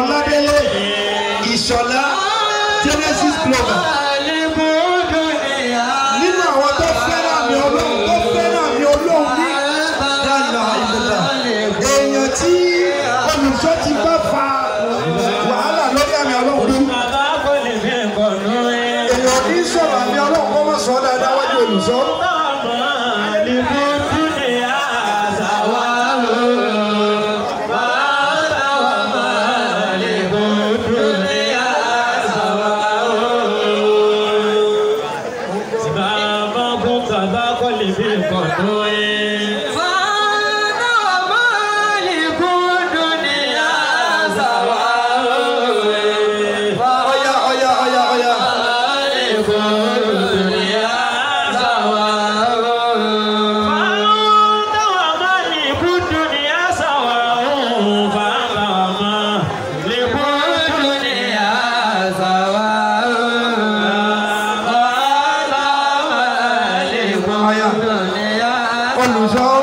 ọ̀nàdélé ìṣọ̀lá genesis global. nínú àwọn tó fẹ́ràn mi ọlọ́run tó fẹ́ràn mi ọlọ́run ní dàlà ìlúlà èèyàn tí olùṣọ́ ti bá fa wàhálà lórí àmì ọlọ́run tó. èèyàn kì í sọ̀rọ̀ àmì ọlọ́run kọ́ mọ̀ sọ́ dáadáa wájú olùṣọ́. lì phim của tôi luz.